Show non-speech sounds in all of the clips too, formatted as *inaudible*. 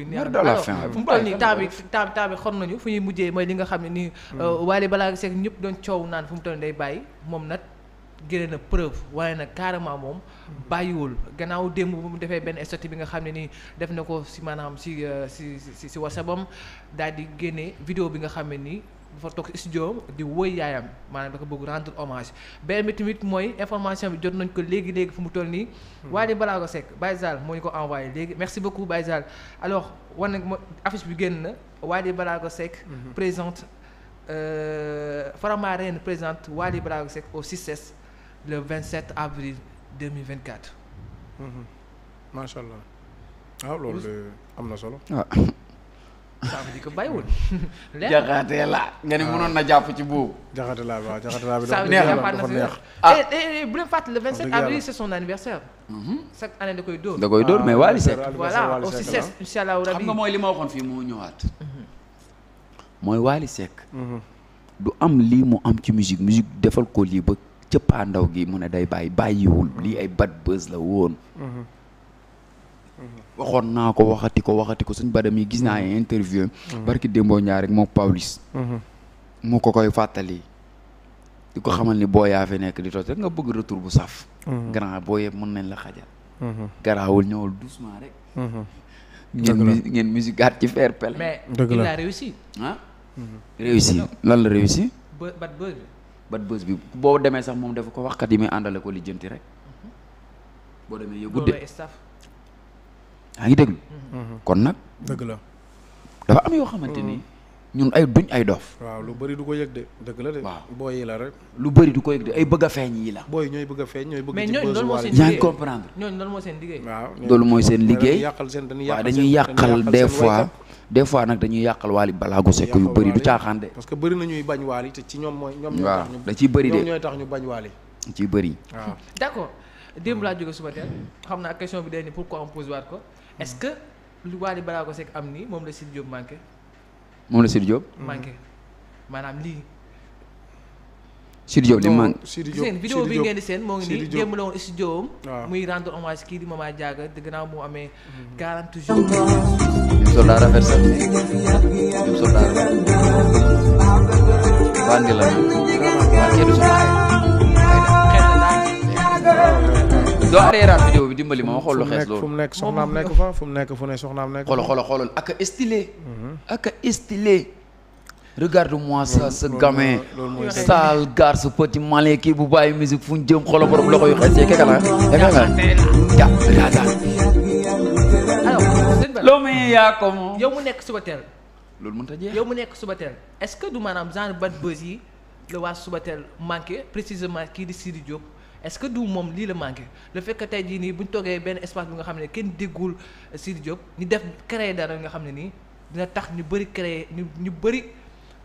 bi neex na alors fu mu toll nii temps bi temps xor nañu fu ñuy mujjee mooy li nga xam ne nii balaa hmm. euh, Ballago Seck ñëpp doon coow naan fu mu toll nii day bàyyi moom nag génne na preuve waaye nag carrément moom bàyyiwul gannaaw démb bu mu defee benn statut bi nga xam ne nii def na ko si maanaam si euh, si si si wasabam daal di génne video bi nga xam ne nii dafa toog studio di woy yaayam maanaam dafa bëgg rendre hommage beneen bi tamit mooy information bi jot nañ ko léegi léegi fu mu toll nii. Hmm. Wally Ballago Seck Baye Zal moo ñu ko envoyé léegi merci beaucoup Baye Zal alors war nañ ma affiche bi génn na Wally Ballago Seck. Hmm. présente euh, Faramareen présente Wally Ballago Seck au CICES. le 27 avril 2024. macha allah waaw loolu am na solo. waaw. saa fi jaxate la nga ni ah. mënoon na jàpp ci boobu. jaxate la waaw jaxate la bi dafa neex ah eh, eh, eh, bu leen fàttali le 27 avril c'est son anniversaire. Mhm. chaque année da koy dóor. da koy dóor mais ah, Wally Seck. voilà xam nga mooy li ma waxoon fii mu ñëwaat. Mhm. mooy Wally Seck. Mhm. du am lii mu am ci musique musique defal ko lii ba. cëppaandaw gi mu ne day bàyyi bàyyiwul lii ay bad buzz la woon mhm. Mhm. waxoon naa ko waxati ko waxati ko suñ badam yi gis naa ay mhm. interview barki démboo ñaar rek ko koy fàttali ko xamal ni boo yaa nekk di toog rek nga bëgg retour bu saf grand boo yëpp mën nañ la xajal garaawul ñëwul doucement rek ngeen ngeen ci fair play mais il a réussi réussi lan la réussi bad buzz bi boo demee sax moom dafa ko waxkat yi muy àndale ko lijjanti rek boo demee yow guddee yaa ngi déglu mhm. kon nag dëgg la dafa am yoo xamante ni mm. ñun ay duñ ay dof lu bëri du ko yëg de dëgg la de. booy la rek. lu bëri du ko yëg de ay bëgg a feeñ yi la. a feeñ ñooy bëgg. mais ñooñu loolu moo seen liggéey loolu moo seen liggéey. waaw loolu mooy seen liggéey. waaw dañuy yàqal des fois nag dañuy yàqal waali balaago sekk yu bëri du caaxaan de. parce que bëri na ñuy bañ waali te ci ñoom mooy. ñoom ñooy ñu waaw da ciy bëri de ñoom ñooy *laughs* d'accord démb laa jóge suba teel xam naa question bi day ni pourquoi on pose waat ko est-ce que lu waali balaago sekk am nii moom la Sidy Diop manqué moom la Sidi Diop. maanaam lii. Sidi Diop li manqué. Sidi Diop seen vidéo bi ngeen di seen moo ngi nii démb la woon studio muy rendre hommage kii di Mama Diaga te gannaaw moo amee. 40 mhm. jours. ñoom soldat rafet sax ñoom soldat rafet. bandi la. waaw ceeb bi doo arrêté vidéo bi dimbali ma ma xool xees loolu. mu nekk soxnaam nekk fa fu mu nekk fu ne soxnaam nekk. xoolal xoolal xoolal ak a stylé. Mhm. ak a stylé. regarde-moi ça ce gamin. sale kii bu bàyyi musique fu jëm xoolal borom loxo yu xees loo may yaa ko yow mu nekk suba teel. loolu mënut a jeex yow mu nekk suba teel est-ce que du maanaam genre bad buzz yi la waa suba teel manqué précisément kii di Sidi est-ce que du moom lii la manqué le fait tey jii nii bu ñu toogee benn espace bi nga xam ne kenn déggul euh, Sidi Diop ñu def créer dara nga xam ne nii dina tax ñu bëri créer ñu ñu bëri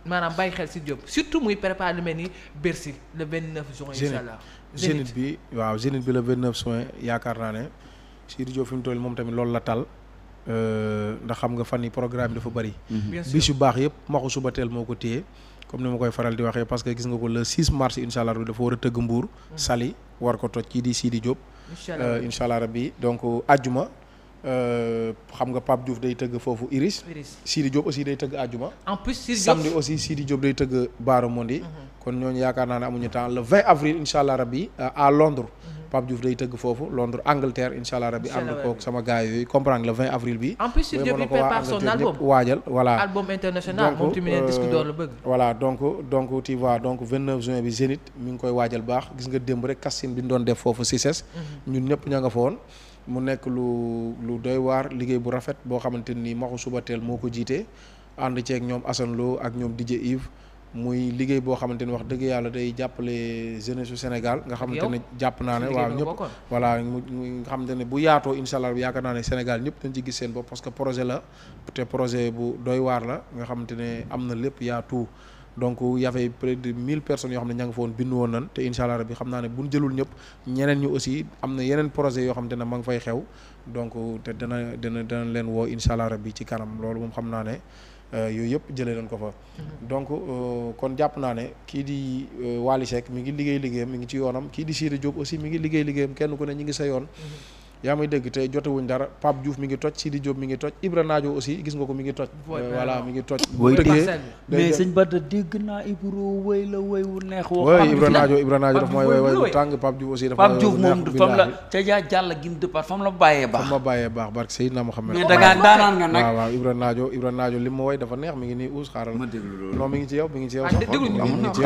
maanaam bay xel Sidi Diop surtout muy préparer lu mel ni Bercy le 29 juin. incha allah Zénith bi waaw Zénith bi le 29 juin yaakaar naa ne Sidi Diop fi mu toll moom tamit loolu la tal. Euh, ndax xam nga fan yi programme dafa bëri. Mhm. bis yu baax yëpp maxu suba teel moo ko téye. comme ni ma koy faral di waxee parce que gis nga ko le 6 mars incha allah dafa war a tëgg Mbour. Mhm. Sali war ko toj kii di Sidi Diop. incha allah euh, rabbi donc àjjuma. Euh, xam nga Pape Diouf day tëgg foofu Iris. Iris Sidi Diop aussi day tëgg àjjuma. en plus Sidi Diop samedi aussi Sidi job day tëgg Baara Mondi. Mhm. kon ñooñu yaakaar naa ne amuñu temps le 20 avril incha allah rabbi à Londres. Pape Diouf day tëgg foofu Londres Angleterre incha allah rabi ànd koog sama gars yooyu comprendre le 20 avril bi. en plus Sir Diop il prépare son waajal voilà. album international moom tamit disque d'or la euh, bëgg. voilà donc donc tu vois donc 29 juin bi Zénith mi ngi koy waajal baax gis nga démb rek casting bi ñu doon def foofu CICES. Mhm. ñun ñëpp ña nga fa woon. mu nekk lu lu doy waar liggéey bu rafet boo xamante ni maxu suba teel moo ko jiitee ànd ceeg ñoom Assane ak ñoom DJ Yves. muy liggéey boo xamante ne wax dëgg yàlla day jàppale jeunesse su Sénégal nga xamante ne jàpp naa ne waaw ñëpp voilà nga xamante ne bu yaatoo insha allah yaakaar naa ne Sénégal ñëpp dañ ci gis seen bopp parce que projet la te projet waar la nga xamante ne am na lépp yaa tout donc y avait près de mille ne ña nga fa woon bindu woon nan te xam naa ne bu ñu jëlul ñëpp ñeneen ñu aussi am na yeneen projet yoo xam te ne ma ngi fay xew donc te dana dana dana leen woo incha allah rabbi ci kanam loolu moom xam naa ne Euh, yooyu yëpp jëlee nañ ko fa. Mhm. donc euh, kon jàpp naa ne kii di euh, Wally Seck mi ngi liggéey liggéeyam mi ngi ci yoonam kii di Sidy Diop aussi mi ngi liggéey liggéeyam kenn ku ne ñi ngi sa yoon. Mhm. yaa may dégg tey jotewuñ dara Pape Diouf mi ngi toj Sidi Diop mi ngi toj Ibra Naajo aussi gis nga ko mi ngi toj voilà mi ngi toj mais sëñ Bada dégg naa Ibro wéy la wéy wu neex wooy Ibra Naajo Ibra Naajo daf mooy wéy wéy bu tàng Pape Diouf aussi dafa Pape Diouf moom fam la ca jaa jàll gim départ fam la bàyyee baax fam ma bàyyee baax barke Seydina Mohamed mais da ngaa daanaan nga nag waaw waaw Ibra Naajo Ibra Naajo li mu wooy dafa neex mi ngi nii uus xaaral non mi ngi ci yow mi ngi ci yow mi ngi ci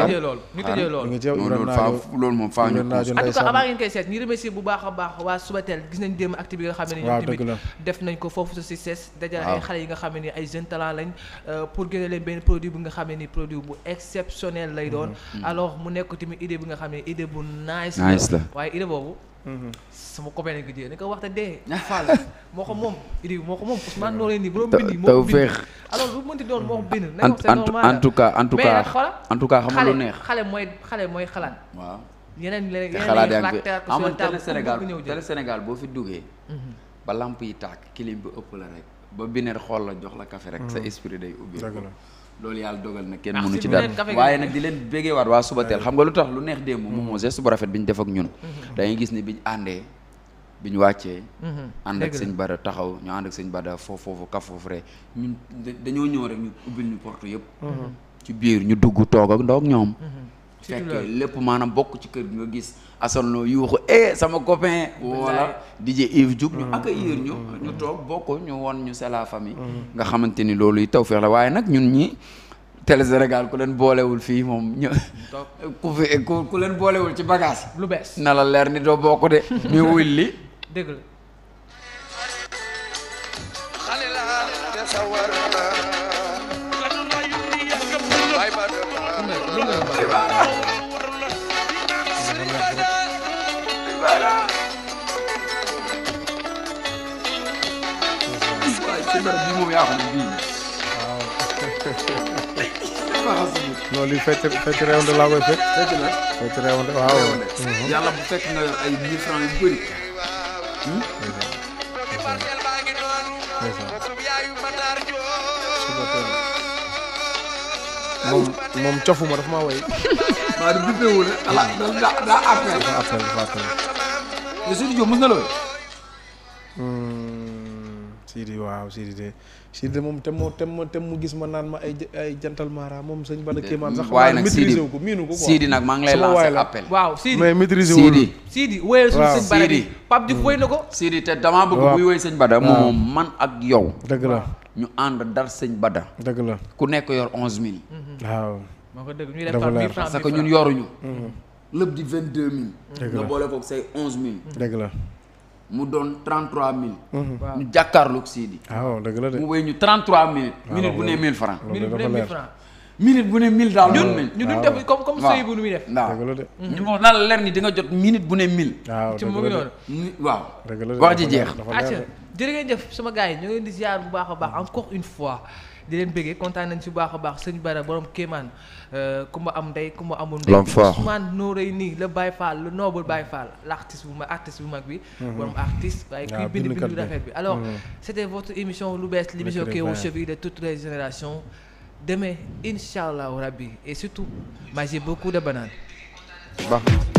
yow Ibra Naajo loolu moom faa ñu en tout cas avant ngeen koy seet ñi remercier bu baax a baax waa Subatel gis nañ démb acte bi nga xam ne ñoom tamit def nañ ko foofu si ses dajale xale yi nga xam ne ay jeune talent lañ euh, pour génne leen benn produit bu nga xam ni produit bu exceptionnel lay doon mm-hmm. alors mu nekk tamit idée bi nga xam ne idée bu nice la waaye idée boobu mm-hmm. sama copain lañ ko jiyee ni ko wax te dee. *laughs* Fall moo ko moom idée bi moo ko moom Ousmane loo leen nii borom bind. moo ko doon moo ko bind. en tout cas en tout cas en xale mooy xale mooy xalaat. yeneen léegi xalaat yaa ngi fi am télé Sénégal télé Sénégal boo fi duggee. Mhm. ba lamp yi tàkk kilim bi ëpp la rek ba bineer xool la jox la café rek. sa mhm. esprit day ubbi. loolu yàlla dogal na kenn ah, mënu ci dara waaye nag di leen béggee waat waa suba teel mhm. xam nga lu tax lu neex démb moom moo geste bu rafet bi ñu def ak ñun. da gis ne biñ àndee biñ wàccee. ànd ak sëñ Bada taxaw ñu ànd ak sëñ Bada foofu foofu kaf foofu rek ñu ubbil ñu porte yëpp. ci biir ñu dugg toog ak ndoog ñoom. fekk lépp maanaam bokk ci kër gi nga gis asalnoo yuuxu eh sama copain wala DJ Yves Diouf ñu mm-hmm. accueillir ñu mm-hmm. ñu toog bokk ñu won ñu c'est la famille mm-hmm. nga xamante ni loolu yi tawfeex la waaye nag ñun ñi Télé Sénégal ku leen boolewul fii moom ñu ku fi ku leen boolewul ci bagage lu na la leer ni doo bokk de *laughs* ñu wulli feebar bi moom yaa ko ne bii. waaw. loolu yu fekk fekk réewante laa koy fekk. fekk la fekk réewante waaw. yàlla bu fekk nga ay mille francs yu bëri. moom moom cofuma dafa maa woy. waaw du dubbee wu ne. ala daa daa appel. dafa appel dafa appel. monsieur Diop mos na la woy. Sidi waaw Sidi de Sidi de moom te mu gis ma naan ma ay ay jantal mara moom sëñ Bada Kéemaan sax waaye nag maîtriser wu ko miinu ko Sidi nag maa ngi lay lancer appel waaw Sidi mais maîtriser wu Sidi Sidi wéyal suñu sëñ Bada bi Pape Diouf wéy na ko mm. Sidi te damaa bëgg buy wéy sëñ Bada moom man ak yow dëgg la ñu ànd dar sëñ Bada dëgg la ku nekk yor onze mille mm-hmm. waaw moo ko dëgg ñu def par mille mm-hmm. la mu doon 33000. waaw ñu jàkkaarloog Sidi. Ah, waaw dëgg la de mu wéy ñu 33000. waaw ah, minute bu ne 1000 francs. minute bu ne 1000 francs. minute bu ne 1000 daal. ñun ñu duñ ah, def comme comme sëy bu nu muy def. waaw dëgg la wax naan la leer ni di nga jot minute bu ne 1000. ci mu ngi waaw wax ji jeex. acca jërë ngeen jëf sama gars yi ñu ngi leen di ziar bu baax a baax encore une fois. di leen bëggee kontaan nañ si bu baax a baax sëñ Bara borom Kéemaan euh, ku ma am ndey ku ma amul ndey Ousmane Nourey nii la Baye Fall le noble Baye Fall l' artiste bu ma artiste bu mag bi mhm. borom artiste waaye kuy bind bind rafet bi alors mhm. c' était votre émission lu bees l' émission qui est au chevet de toutes les générations demain incha allah rabbi et surtout mangez beaucoup de bananes